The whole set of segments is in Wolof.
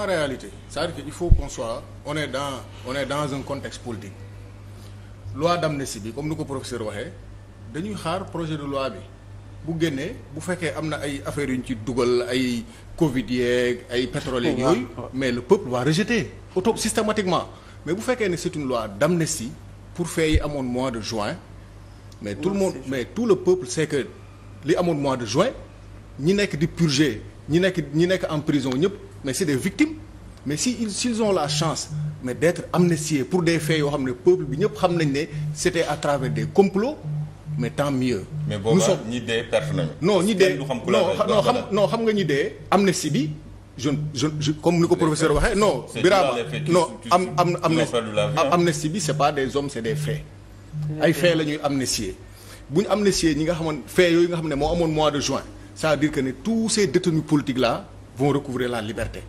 en réalité c'est-à-dire que il faut qu'on on est dans on est dans un contexte politique loi d'amnistie bi comme ni ko professeur waxee dañuy xaar projet de loi bi bu génnee bu fekkee am na ay affaires yu ñu ci dugal ay Covid yeeg ay pétrole yooyu mais le peuple va rejeter auto systématiquement mais bu fekkee ne c'est une loi d'amnistie pour fee yi amoon mois de juin mais tout le monde mais tout le peuple sait que li amoon mois de juin ñi nekk di purger ñi nekk ñi nekk en prison ñëpp mais c'est des victimes mais si ils s'ils ont la chance mais d'être amnistiés pour des faits yoo xam ne peuple bi ñëpp xam nañ ne c'était à travers des complots mais tant mieux. mais booba ñi dee perte nañu. non ñi dee non xam non xam nga ñi dee amnistie bi. je je comme ni ko professeur waxee non. Birama non am am am amnistie bi c'est pas des hommes c'est des faits. ay faits la ñuy amnistier bu ñu amnistier ñi nga xamoon faits yooyu nga xam ne moo amoon mois de juin c'est-à-dire que ne tous vont recouvrer la liberté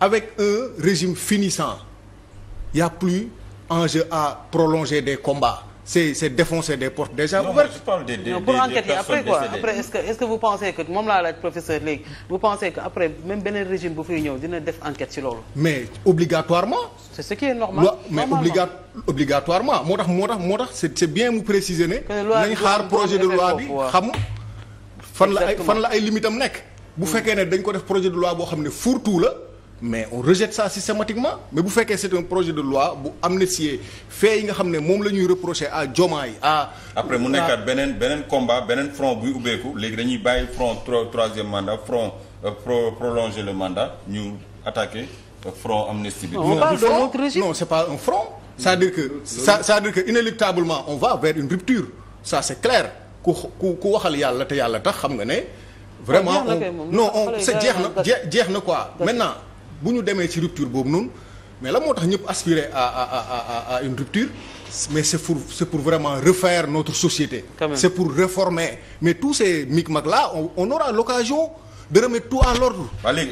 avec un régime finissant il a plus enjeu à prolonger des combats c'est c'est des portes déjà moom laa laaj professeur léegi vous pensez que après même beneen régime bu fiy ñëw dina def enquête ci loolu. mais obligatoirement. c'est mais obligatoirement moo tax moo tax moo tax c'est bien mu préciser ne. nañ xaar projet de loi bi xam fan la ay limitam nekk. bu fekkee ne dañ ko def projet de loi boo xam ne fourre la mais on rejette ça systématiquement mais bu fekkee c'est un projet de loi bu amnistier fait yi nga xam ne moom la ñuy reprocher à Diomaye à. après mu nekkaat beneen beneen combat beneen front buy ubbeeku léegi dañuy bàyyi front tro troisième mandat front euh, pro prolonger le mandat ñu attaquer euh, front amnistie bi. on parle d'un autre régime non c'est pas un front. c'est-à-dire que ça c'est-à-dire que inéluctablement on va vers une ça c'est ku ku ku waxal yàlla te yàlla tax xam nga ne. vraiment on non on c'est jeex na jeex na quoi maintenant bu ñu demee ci rupture boobu noonu mais la moo tax ñëpp aspirer à à à à une rupture mais c'est pour c'est pour vraiment refaire notre société c'est pour réformer mais tous ces micmacs la on aura l'occasion de remettre tout à l'ordre